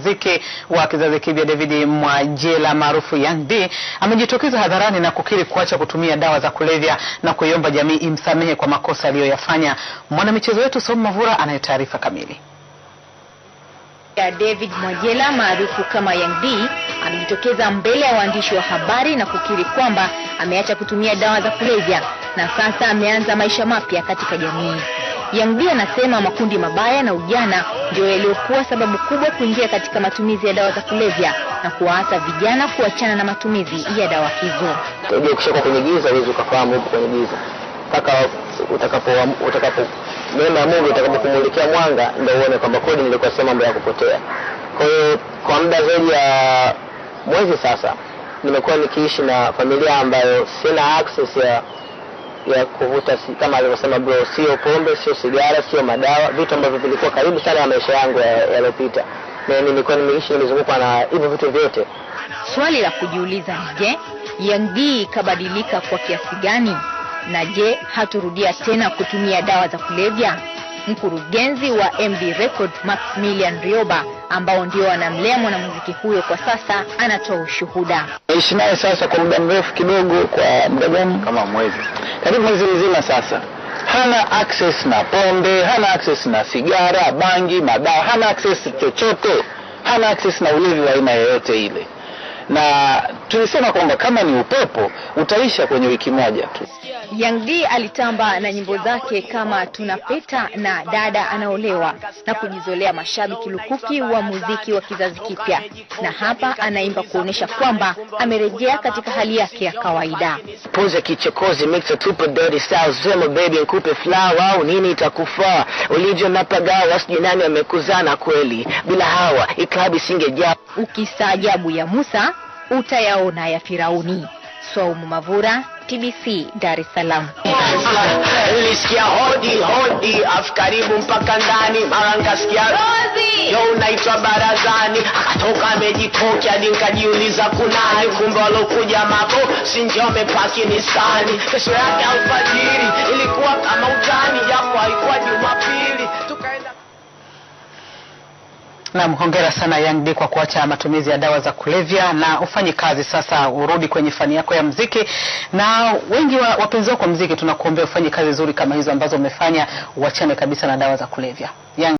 mwanamuziki wa kizazi kipya David Mwajela maarufu Young D amejitokeza hadharani na kukiri kuacha kutumia dawa za kulevya na kuiomba jamii imsamehe kwa makosa aliyoyafanya. Mwanamichezo wetu Somo Mavura anayetaarifa kamili. David Mwajela maarufu kama Young D amejitokeza mbele ya waandishi wa habari na kukiri kwamba ameacha kutumia dawa za kulevya na sasa ameanza maisha mapya katika jamii yangdi anasema makundi mabaya na ujana ndio yaliyokuwa sababu kubwa kuingia katika matumizi ya dawa za kulevya na kuwaasa vijana kuachana na matumizi ya dawa hizo. Unajua, ukishakuwa kwenye giza huwezi ukafahamu huko kwenye giza mpaka utakapo utakapo neema ya Mungu itakapokumulikia mwanga, ndio uone kwamba kweli nilikuwa sema mambo ya kupotea. Kwa hiyo kwa muda zaidi ya mwezi sasa nimekuwa nikiishi na familia ambayo sina access ya ya kuvuta kama alivyosema bro, sio pombe, sio sigara, sio madawa, vitu ambavyo vilikuwa karibu sana na maisha yangu yaliyopita ya na nilikuwa nimeishi nimezungukwa na hivyo vitu vyote. Swali la kujiuliza ni je, Yang ikabadilika kwa kiasi gani? Na je, haturudia tena kutumia dawa za kulevya? Mkurugenzi wa MB Record Maximilian Rioba ambao ndio anamlea mwanamuziki huyo kwa sasa anatoa ushuhuda. Naishi naye sasa kwa muda mrefu kidogo. Kwa muda gani? Kama mwezi karibu yaani mwezi mzima sasa hana access na pombe, hana access na sigara, bangi, madawa, hana access chochote, hana access na ulevi wa aina yoyote ile na tulisema kwamba kama ni upepo utaisha kwenye wiki moja tu. Young D alitamba na nyimbo zake kama tunapeta na dada anaolewa na kujizolea mashabiki lukuki wa muziki wa kizazi kipya, na hapa anaimba kuonyesha kwamba amerejea katika hali yake ya kawaida. Punja kichokozi mixa tupa dirty style zema baby nkupe flower au nini itakufaa ulivyo napagawa sijui nani amekuzana kweli bila hawa ikabi singejaa Ukistaajabu ya Musa utayaona ya Firauni. Swaumu Mavura, TBC, Dar es Salaam. Nilisikia hodi hodi, afu karibu mpaka ndani, mara nikasikia Rozi yo unaitwa barazani, akatoka amejikoki hadi nikajiuliza kunani, kumbe walokuja mako si ndio wamepaki Nisani. Kesho yake alfajiri ilikuwa kama utani, japo haikuwa Jumapili. Naam, hongera sana Young D kwa kuacha matumizi ya dawa za kulevya na ufanye kazi sasa, urudi kwenye fani yako ya mziki, na wengi wa wapenzi wako mziki tunakuombea ufanye kazi nzuri kama hizo ambazo umefanya, uachane kabisa na dawa za kulevya.